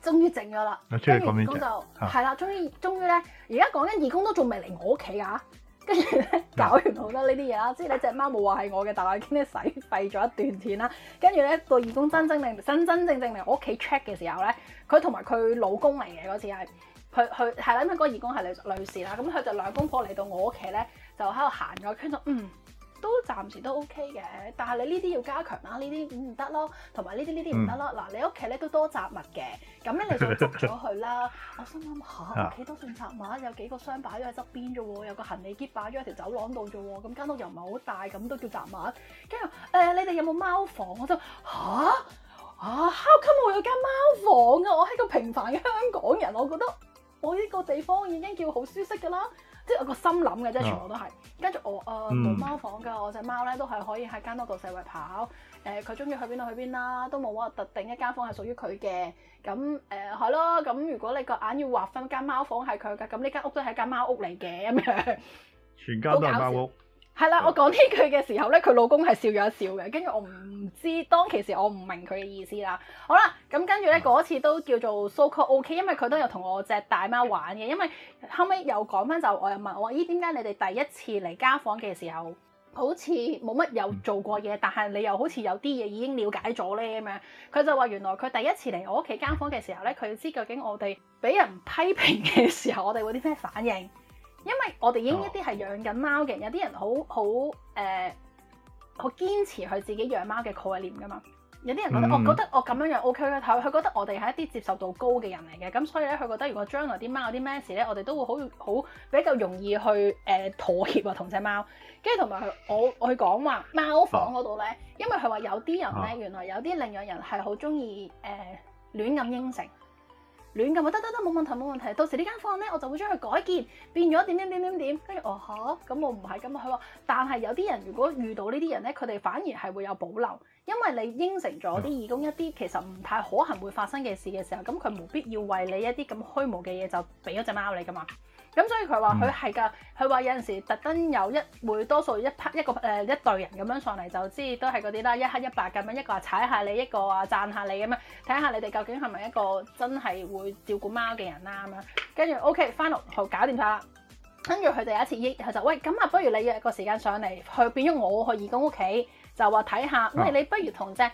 S2: 終於整咗啦。跟住義工就係啦，終於終於咧，而家講緊義工都仲未嚟我屋企啊。跟住咧搞完好多呢啲嘢啦，即係你隻貓冇話係我嘅，但係已經咧使費咗一段錢啦。跟住咧，個義工真真正真真正正嚟我屋企 check 嘅時候咧，佢同埋佢老公嚟嘅嗰次係，佢佢係因為嗰個義工係女女士啦，咁佢就兩公婆嚟到我屋企咧，就喺度行咗，聽到嗯。都暫時都 OK 嘅，但係你呢啲要加強啦，呢啲唔得咯，同埋呢啲呢啲唔得咯。嗱，嗯、你屋企咧都多雜物嘅，咁咧你就捉咗佢啦。我心諗下，屋企都算雜物，有幾個箱擺咗喺側邊啫喎，有個行李結擺咗喺條走廊度啫喎，咁間屋又唔係好大，咁都叫雜物。跟住誒，你哋有冇貓房？我就吓？嚇 how come 我有間貓房啊！啊我係個平凡嘅香港人，我覺得我呢個地方已經叫好舒適噶啦。即係我個心諗嘅，即係全部都係。跟住我誒到、呃、貓房嘅，我隻貓咧都係可以喺間屋度四圍跑。誒佢中意去邊度去邊啦，都冇話特定一間房係屬於佢嘅。咁誒係咯。咁、呃、如果你眼劃個眼要劃分間貓房係佢嘅，咁呢間屋都係一間貓屋嚟嘅咁樣。
S1: 全間都係貓屋。係
S2: 啦，我講呢句嘅時候咧，佢老公係笑咗一笑嘅，跟住我唔知當其時我唔明佢嘅意思啦。好啦，咁跟住咧，嗰次都叫做 so call ok，因為佢都有同我隻大貓玩嘅，因為後尾又講翻就我又問我話，咦，點解你哋第一次嚟家訪嘅時候，好似冇乜有做過嘢，但係你又好似有啲嘢已經了解咗咧咁樣。佢就話原來佢第一次嚟我屋企間房嘅時候咧，佢知究竟我哋俾人批評嘅時候，我哋會啲咩反應？因為我哋已經一啲係養緊貓嘅，有啲人好好誒，好、呃、堅持佢自己養貓嘅概念噶嘛。有啲人覺得，嗯嗯我覺得我咁樣樣 O K 啦，佢佢覺得我哋係一啲接受度高嘅人嚟嘅，咁所以咧，佢覺得如果將來啲貓有啲咩事咧，我哋都會好好比較容易去誒、呃、妥協啊同隻貓。跟住同埋佢我我去講話貓房嗰度咧，因為佢話有啲人咧，啊、原來有啲領養人係好中意誒亂咁應承。亂㗎嘛，得得得冇問題冇問題，到時呢間房咧，我就會將佢改建，變咗點點點點點，跟住哦哈，咁我唔係咁啊，佢話，但係有啲人如果遇到呢啲人咧，佢哋反而係會有保留，因為你應承咗啲義工一啲其實唔太可能會發生嘅事嘅時候，咁佢無必要為你一啲咁虛無嘅嘢就俾咗隻貓你噶嘛。咁、嗯、所以佢話佢係㗎，佢話有陣時特登有一會多數一匹一個誒、呃、一隊人咁樣上嚟就知都係嗰啲啦，一黑一白咁樣，一個話踩下你，一個話讚下你咁樣，睇下你哋究竟係咪一個真係會照顧貓嘅人啦咁樣。跟住 OK 翻落好搞掂晒啦。跟住佢就有一次，益，佢就喂，咁啊，不如你約個時間上嚟，去變咗我去義工屋企。就話睇下，啊、喂，你不如同隻誒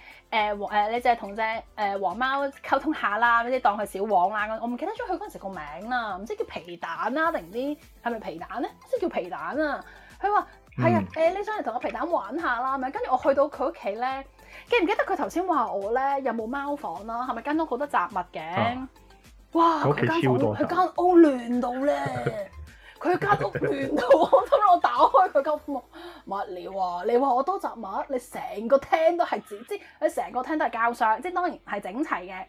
S2: 誒，你就係同隻誒黃貓溝通下啦，嗰啲當佢小黃啦。我唔記得咗佢嗰陣時個名啦，唔知叫皮蛋啦定唔知係咪皮蛋咧？即係叫皮蛋啊！佢話係啊，誒、嗯呃、你想嚟同個皮蛋玩下啦，咪跟住我去到佢屋企咧，記唔記得佢頭先話我咧有冇貓房啦、啊？係咪跟咗好多雜物嘅？啊、哇！佢間房佢間屋，屋亂到咧～ 佢間屋亂到，我 通我打開佢間屋。乜料？話，你話我都雜物，你成個廳都係整，即係成個廳都係膠箱，即係當然係整齊嘅。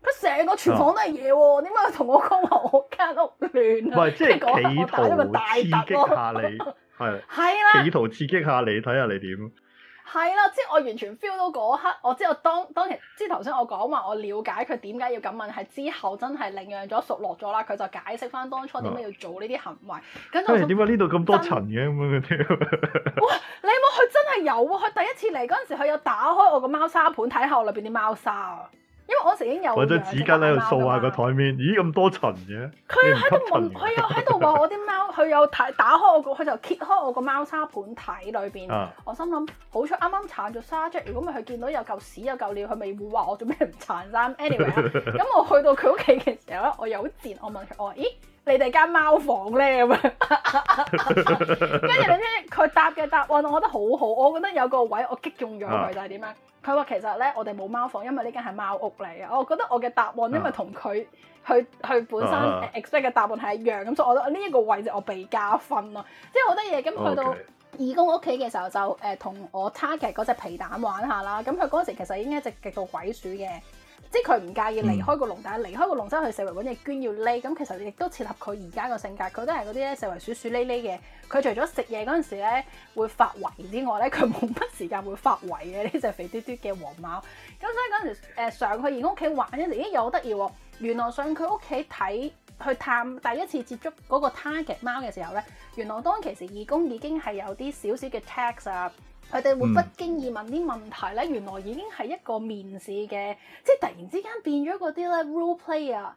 S2: 佢成個廚房都係嘢喎，點解同我講話我間屋亂啊？即係企圖刺激下你，
S1: 係係啦，企圖刺激下你，看看你，睇下你點。
S2: 係啦，即係我，我完全 feel 到嗰刻，我知我當當其，即係頭先我講話，我了解佢點解要咁問，係之後真係領養咗熟落咗啦，佢就解釋翻當初點解要做呢啲行為。咁、啊、我點
S1: 解呢度咁多塵嘅咁樣嘅？哇
S2: 的！ 你冇佢真係有喎、啊，佢第一次嚟嗰陣時，佢有打開我個貓砂盤睇下我裏邊啲貓砂啊。因為我嗰時已經有，攞張紙巾喺度
S1: 掃下個台面，咦咁多塵嘅？佢喺度問，佢
S2: 又喺度話我啲貓，佢有睇打開我個，佢就揭開我個貓砂盤睇裏邊。啊、我心諗好彩啱啱鏟咗沙啫。如果佢見到有嚿屎有嚿尿，佢咪會話我做咩唔鏟衫？anyway 啊，咁我去到佢屋企嘅時候咧，我有賤，我問佢，我話咦。你哋間貓房咧咁樣，跟 住 你知佢答嘅答案，我覺得好好。我覺得有個位我擊中咗佢就係點樣？佢話、uh, 其實咧，我哋冇貓房，因為呢間係貓屋嚟嘅。我覺得我嘅答案因為同佢佢佢本身 expect 嘅答案係一樣，咁、uh, uh. 所以我覺得呢一個位置我被加分咯。即係好多嘢咁去到義工屋企嘅時候就，就誒同我 target 嗰隻皮蛋玩下啦。咁佢嗰陣時其實已經係隻極度鬼鼠嘅。即係佢唔介意離開個籠，但係離開個籠之後佢四圍揾嘢捐要匿，咁其實亦都切合佢而家個性格。佢都係嗰啲咧四圍鼠鼠匿匿嘅。佢除咗食嘢嗰陣時咧會發圍之外咧，佢冇乜時間會發圍嘅呢隻肥嘟嘟嘅黃貓。咁所以嗰陣時誒上去義工屋企玩嗰陣時，咦又得意喎！原來上佢屋企睇去探第一次接觸嗰個 target 貓嘅時候咧，原來當其時義工已經係有啲少少嘅 t a c 啊！佢哋會不經意問啲問題咧，原來已經係一個面試嘅，即係突然之間變咗嗰啲咧 role play 啊，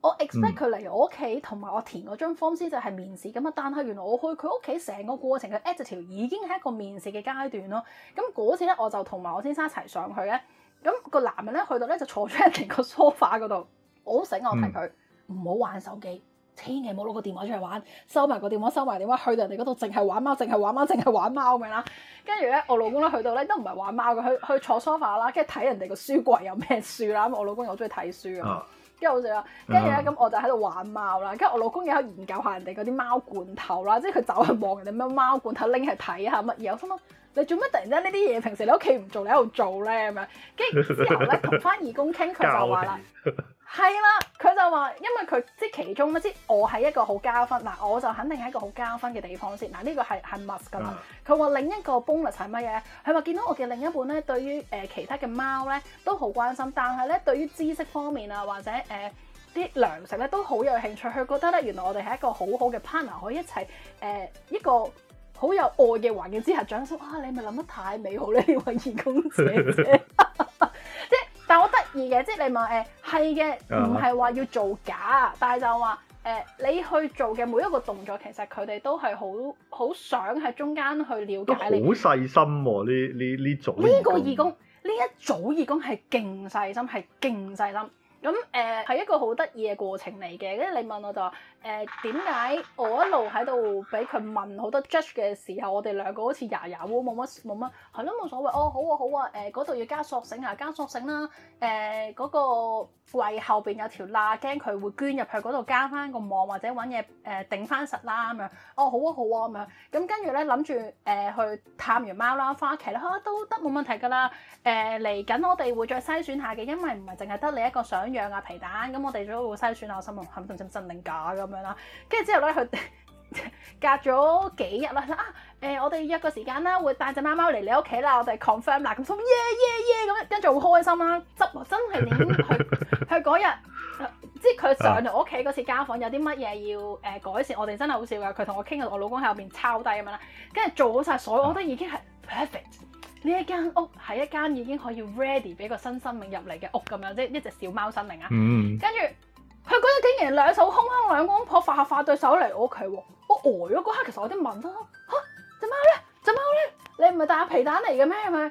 S2: 我 expect 佢嚟我屋企，同埋我填嗰張 form 先就係面試咁啊，但係原來我去佢屋企成個過程嘅 attitude 已經係一個面試嘅階段咯。咁嗰次咧，我就同埋我先生一齊上去咧，咁個男人咧去到咧就坐咗喺成個 sofa 度，我醒我提佢唔好玩手機。千祈冇攞個電話出嚟玩，收埋個電話，收埋電話，去到人哋嗰度淨係玩貓，淨係玩貓，淨係玩貓咁樣啦。跟住咧，我老公咧去到咧都唔係玩貓嘅，去去坐 sofa 啦，跟住睇人哋個書櫃有咩書啦。咁我老公又好中意睇書啊。跟住我就，跟住咧咁我就喺度玩貓啦。跟住我老公又喺研究下人哋嗰啲貓罐頭啦，即係佢走去望人哋咩貓罐頭拎去睇下乜嘢。我心諗你做乜突然間呢啲嘢？平時你屋企唔做，你喺度做咧咁樣。跟住之後咧，同翻義工傾，佢就話啦。 係啦，佢就話，因為佢即係其中乜先，我係一個好加分嗱，我就肯定係一個好加分嘅地方先嗱，呢、這個係係 must 噶嘛。佢話另一個 bonus 係乜嘢？佢話見到我嘅另一半咧，對於誒、呃、其他嘅貓咧都好關心，但係咧對於知識方面啊或者誒啲、呃、糧食咧都好有興趣，佢覺得咧原來我哋係一個好好嘅 partner，可以一齊誒、呃、一個好有愛嘅環境之下長。啊，你咪諗得太美好咧，呢位義
S1: 工姐姐。
S2: 但係我得意嘅，即係你問誒係嘅，唔係話要做假，但係就話誒、呃、你去做嘅每一個動作，其實佢哋都係好好想喺中間去了解你。好
S1: 細心喎，啊，呢呢呢組呢個義
S2: 工，呢一組義工係勁細心，係勁細心。咁誒係一個好得意嘅過程嚟嘅，跟住你問我就話、是。誒點解我一路喺度俾佢問好多 judge 嘅時候，我哋兩個好似牙牙烏冇乜冇乜，係咯冇所謂哦，好啊好啊，誒嗰度要加索繩啊，加索繩啦，誒、呃、嗰、那個櫃後邊有條罅，驚佢會捐入去嗰度，加翻個網或者揾嘢誒頂翻實啦咁樣。哦，好啊好啊咁樣，咁跟住咧諗住誒去探完貓啦，翻屋企啦，都得冇問題噶啦。誒嚟緊我哋會再篩選下嘅，因為唔係淨係得你一個想養啊皮蛋，咁我哋都會篩選下，我心諗係咪真真定假咁。咁樣啦，跟住之後咧，佢隔咗幾日啦，啊，誒、呃，我哋約個時間啦，會帶隻貓貓嚟你屋企啦，我哋 confirm 啦，咁所以耶耶耶咁，跟住好開心啦，執真係黏佢，佢嗰日即係佢上嚟我屋企嗰次家訪，有啲乜嘢要誒、呃、改善，我哋真係好笑噶，佢同我傾，我老公喺入邊抄低咁樣啦，跟住做好晒所有，我覺得已經係 perfect 呢一間屋，係一間已經可以 ready 俾個新生命入嚟嘅屋咁樣，即係一隻小貓生命啊，跟住。嗯佢嗰日竟然兩手空空，兩公婆揈下揈對手嚟我屋企喎，我呆咗嗰刻，其實我啲問心嚇隻貓咧，隻貓咧，你唔係帶皮蛋嚟嘅咩咁樣？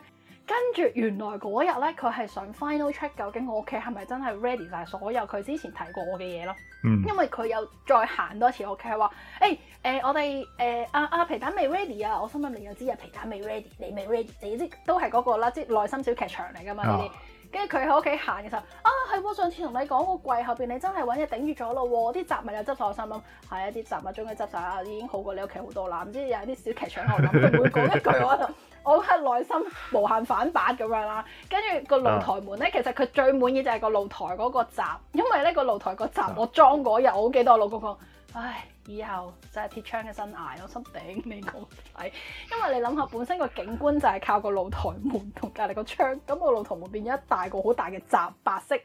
S2: 跟住原來嗰日咧，佢係想 final check 究竟我屋企係咪真係 ready 曬所有佢之前睇過我嘅嘢咯。嗯、因為佢又再行多次屋企話，誒誒、欸呃、我哋誒阿阿皮蛋未 ready 啊，我心諗你又知啊皮蛋未 ready，你未 ready，你啲都係嗰、嗰個啦，即係內心小劇場嚟噶嘛呢啲。跟住佢喺屋企行嘅時候，啊係喎，哦！上次同你講個櫃後邊，你真係揾嘢頂住咗咯喎！啲雜物又執曬，我心諗係啊，啲雜物將佢執曬啊，已經好過你屋企好多啦。唔知有啲小劇場喺度諗，每講一句 我就，我係內心無限反白咁樣啦。跟住個露台門咧，uh, 其實佢最滿意就係個露台嗰個閘，因為咧個露台個閘我裝嗰日，uh, 我好記得我老公講。唉，以後就係鐵窗嘅生涯，我心頂你講曬。因為你諗下，本身個景觀就係靠個露台門同隔籬個窗，咁個露台門變咗一大個好大嘅閘，白色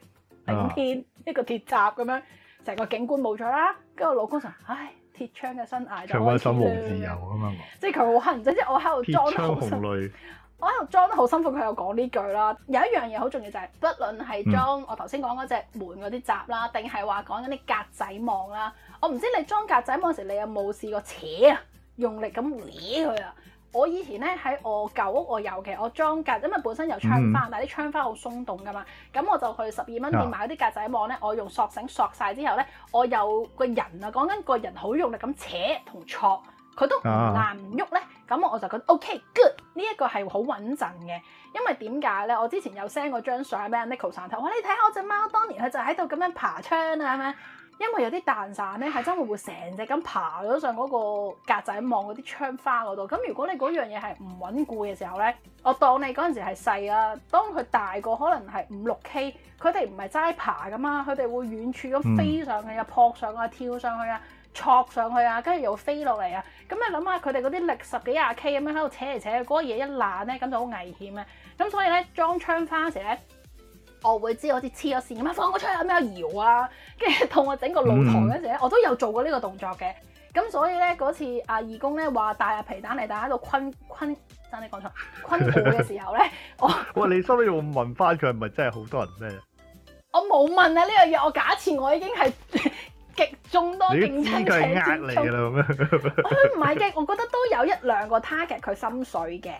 S2: 頂天、啊、一個鐵閘咁樣，成個景觀冇咗啦。跟住我老公就：唉，鐵窗嘅生涯，長困守望自由啊嘛！即係佢好恨，即係我喺度裝得好辛苦，我喺度裝得好辛苦，佢又講呢句啦。有一樣嘢好重要就係、是，不論係裝我頭先講嗰隻門嗰啲閘啦，定係話講緊啲格仔網啦。我唔知你裝格仔網時，你有冇試過扯啊，用力咁攣佢啊？我以前咧喺我舊屋我，我尤其我裝格，因為本身有窗花，嗯、但係啲窗花好鬆動噶嘛。咁我就去十二蚊店買嗰啲格仔網咧，啊、我用索繩索晒之後咧，我有個人啊，講緊個人好用力咁扯同戳，佢都唔爛唔喐咧。咁我就覺得 OK good，呢一個係好穩陣嘅。因為點解咧？我之前有 send 過張相俾阿 Nicko 上台，你我你睇下我隻貓，當年佢就喺度咁樣爬窗啊係咪？因為有啲蛋散咧，係真係會成隻咁爬咗上嗰個格仔網嗰啲窗花嗰度。咁如果你嗰樣嘢係唔穩固嘅時候咧，我當你嗰陣時係細啦。當佢大個可能係五六 K，佢哋唔係齋爬㗎嘛，佢哋會遠處咁飛上去啊、撲上去啊、跳上去啊、戳上去啊，跟住又飛落嚟啊。咁你諗下佢哋嗰啲力十幾廿 K 咁樣喺度扯嚟扯去，嗰、嗰個嘢一爛咧，咁就好危險啊。咁所以咧裝窗花時咧。我會知，好似黐咗線咁啊！放我出去有咩搖啊， 跟住同我整個露台嗰陣時咧，我都有做過呢個動作嘅。咁所以咧，嗰次阿義工咧話帶入皮蛋嚟，大家度困困，真啲講錯，困佢嘅時候咧，
S1: 我 哇！你收尾要問翻佢係咪真係好多人咩？
S2: 我冇問啊！呢樣嘢我假設我已經係極眾多競爭嘅
S1: 啦，咁唔係激，
S2: 我覺得都有一兩個 target 佢心水嘅。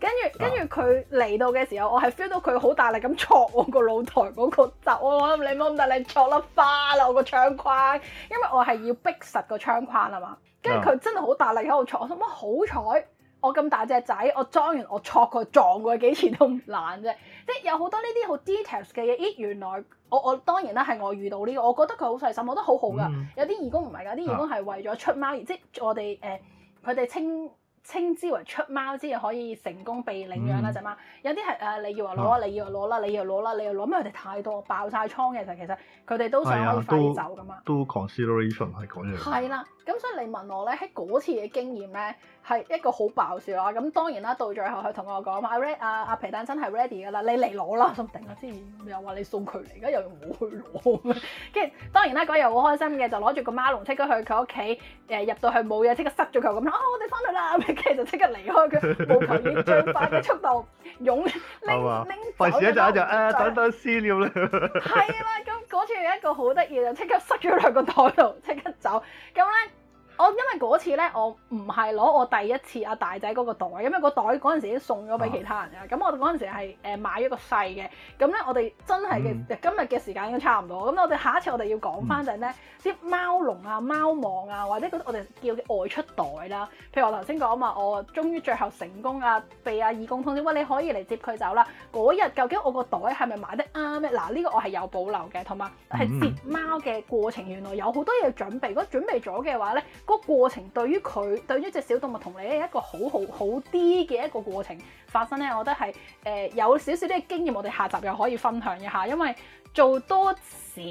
S2: 跟住，跟住佢嚟到嘅時候，我係 feel 到佢好大力咁戳我個露台嗰個閘，我諗你冇咁大力戳粒花啦，我個窗框，因為我係要逼實個窗框啊嘛。跟住佢真係好大力喺度戳，我諗乜好彩，我咁大隻仔，我裝完我戳佢撞佢幾次都唔爛啫。即係有好多呢啲好 details 嘅嘢，咦？原來我我當然啦，係我遇到呢、這個，我覺得佢好細心，我覺得好好噶。有啲義工唔係㗎，啲義工係為咗出貓，即係我哋誒佢哋清。稱之為出貓，之後可以成功被領養啦，隻貓，有啲係誒，你要攞啦，你要攞啦，你要攞啦，你又攞咩？佢哋太多爆晒倉嘅時候，其實佢哋都想可以快啲走噶嘛
S1: 都。都 consideration 係講嘢。
S2: 係啦，咁所以你問我咧，喺嗰次嘅經驗咧，係一個好爆笑啦。咁當然啦，到最後佢同我講啊，阿、啊、皮蛋真係 ready 噶啦，你嚟攞啦。咁頂啊，之前又話你送佢嚟，而家又唔好去攞。跟住當然啦，嗰日好開心嘅，就攞住個貓籠馬他他，即刻去佢屋企。誒入到去冇嘢，即刻塞咗佢咁我哋翻、oh, 去啦～就即刻離開佢，務求以最快嘅速度擁拎
S1: 拎，費事一陣就誒等等私聊啦。係
S2: 啦，咁嗰次有一個好得意，就即刻塞咗兩個袋度，即刻走。咁咧。我因為嗰次咧，我唔係攞我第一次阿大仔嗰個袋，因為個袋嗰陣時已經送咗俾其他人啦。咁、啊、我哋嗰陣時係誒買咗一個細嘅。咁咧，我哋真係嘅今日嘅時間已經差唔多。咁我哋下一次我哋要講翻就係咩？啲、嗯、貓籠啊、貓網啊，或者我哋叫外出袋啦。譬如我頭先講啊嘛，我終於最後成功啊，被阿義工通知喂，你可以嚟接佢走啦。嗰日究竟我個袋係咪買得啱咩？嗱，呢、呢個我係有保留嘅，同埋係接貓嘅過程，原來有好多嘢準備。如果準備咗嘅話咧。個過程對於佢，對於隻小動物同你咧一個好好好啲嘅一,一個過程發生咧，我覺得係誒、呃、有少少啲經驗，我哋下集又可以分享一下。因為做多少少，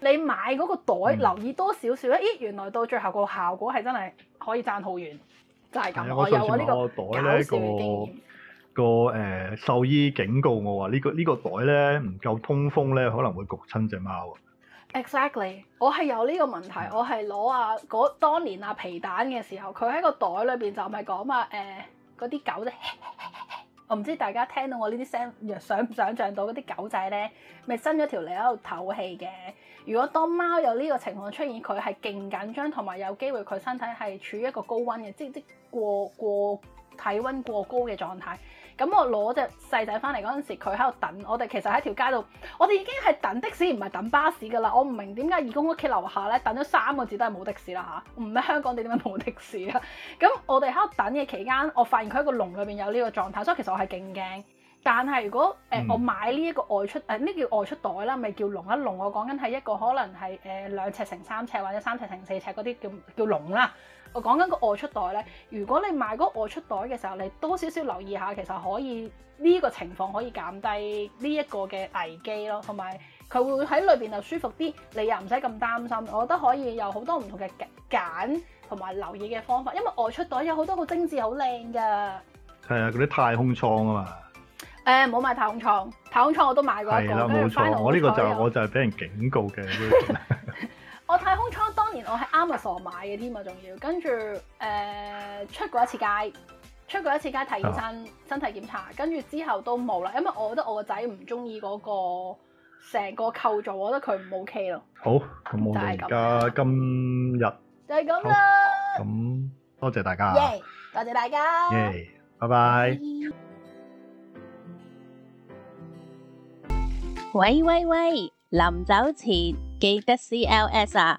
S2: 你買嗰個袋留意多少少咧，嗯、咦，原來到最後個效果係真係可以賺好遠，
S1: 就係咁啊！嗯、我有我呢個袋咧，個個誒獸醫警告我話：呢個呢個袋咧唔夠通風咧，可能會焗親隻貓啊！嗯
S2: Exactly，我係有呢個問題，我係攞啊，嗰當年啊皮蛋嘅時候，佢喺個袋裏邊就咪講嘛誒嗰啲狗咧，我唔知大家聽到我呢啲聲，想唔想象到嗰啲狗仔咧，咪伸咗條脷喺度透氣嘅。如果當貓有呢個情況出現，佢係勁緊張，同埋有機會佢身體係處於一個高溫嘅，即即過過體溫過高嘅狀態。咁我攞隻細仔翻嚟嗰陣時，佢喺度等。我哋其實喺條街度，我哋已經係等的士，唔係等巴士噶啦。我唔明點解義工屋企樓下咧等咗三個字都係冇的士啦吓，唔、啊、係香港地點解冇的士啊？咁我哋喺度等嘅期間，我發現佢喺個籠裏邊有呢個狀態，所以其實我係勁驚，驚。但係如果誒、呃嗯、我買呢一個外出誒呢、啊、叫外出袋啦，咪叫籠一籠。我講緊係一個可能係誒兩尺乘三尺或者三尺乘四尺嗰啲叫叫籠啦。我講緊個外出袋咧，如果你買嗰個外出袋嘅時候，你多少少留意下，其實可以呢個情況可以減低呢一個嘅危機咯，同埋佢會喺裏邊就舒服啲，你又唔使咁擔心。我覺得可以有好多唔同嘅揀同埋留意嘅方法，因為外出袋有好多個精緻好靚㗎。係
S1: 啊，嗰啲太空艙啊嘛。
S2: 誒、欸，冇買太空艙，太空艙我都買過一個。係啦、啊，冇錯，我呢個就係、是、有我
S1: 就係俾人警告嘅。 我
S2: 太然，我喺 Amazon 買嘅添啊，仲要，跟住誒，出過一次街，出過一次街睇醫生，oh。身體檢查，跟住之後都冇啦，因為我覺得我個仔唔中意嗰個成個構造，我覺得佢唔 OK 咯。
S1: 好，咁我哋而家今日
S2: 天就係咁啦，
S1: 咁多謝大家
S2: ，yeah，多謝大家，
S1: 拜拜。
S2: 喂喂喂，臨走前記得 CLS 啊！